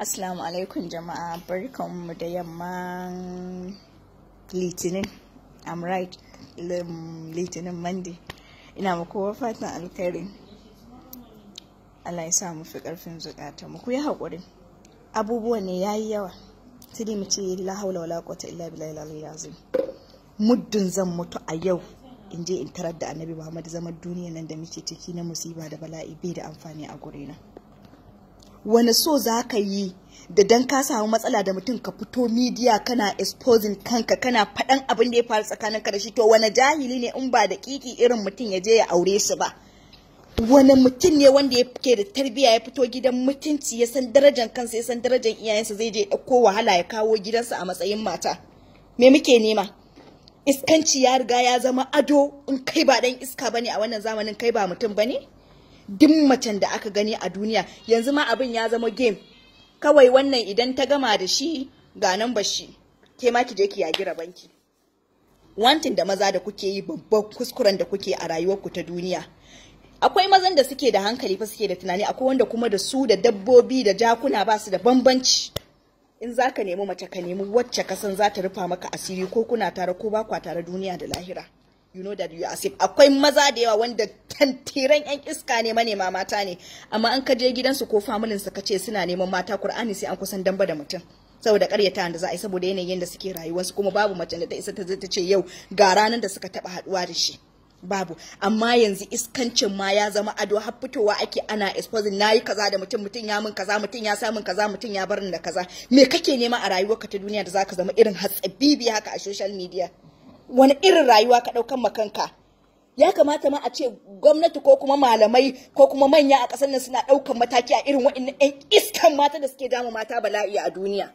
Assalamu alaikum jama'a barkanmu da yamma, litinin I'm right litinin Monday ina ma kowa fatan alkhairi Allah ya sa mu fi karfin zukata mu ku yi haƙuri abubuwan ne yayi yawa sai mu ce la haula wala quwwata illa billahi al azim muddin zan mutu a yau in je in tarar da annabi Muhammad zaman duniyar nan da muke ciki na musiba da bala'i bai da amfani a gurina. na wani so za ka yi da dan ka samu matsala da mutum ka fito midiya kana exposing kanka kana faɗan abin da ya faru tsakanin ka da shi to wani jahili ne in ba da kiki irin mutum ya je ya aure shi ba wani mutum ne wanda ya ke da tarbiyya ya fito gidan mutunci ya san darajar kansa ya san darajar iyayensa zai je ɗauko wahala ya kawo gidansa a matsayin mata me muke nema iskanci ya riga ya zama ado in kai ba dan iska bane a wannan zamanin kai ba mutum bane duk macen da aka gani a duniya yanzu ma abin ya zama game kawai wannan idan ta gama da shi ga nan ba shi ke ma ki je ki yagi rabanki wantin da maza da kuke yi babban kuskuren da kuke a rayuwarku ta duniya akwai mazan da suke da hankali fa suke da tunani akwai wanda kuma da su da dabbobi da jakuna ba su da bambanci in za ka nemi mace ka nemi wacce ka san za ta rufa maka asiri ko kuna tare ko ba kwa tare duniya da lahira you know that you are safe akwai maza da yawa wanda tantiran yan iska ne manema mata ne amma an ka je gidansu ko familin su kace suna neman mata Qur'ani sai an kusan damba da mutum saboda karyata da za a yi saboda yanayin da suke rayuwarsu kuma babu mace da ta isa ta zai ta ce yau ga ranar da suka taba haduwa da shi babu amma yanzu iskancin ma ya zama ado har fitowa ake ana exposing nayi kaza da mutum mutum ya min kaza mutum ya samun kaza mutum ya barin da kaza me kake nema a rayuwarka ta duniya da zaka zama irin hatsabibi haka a social media wani irin rayuwa ka daukan makanka ya kamata ma a ce gwamnati ko kuma malamai ko kuma manya a ƙasar nan suna ɗaukan mataki a irin waɗannan 'yan iskan mata da suke dama mata bala'i a duniya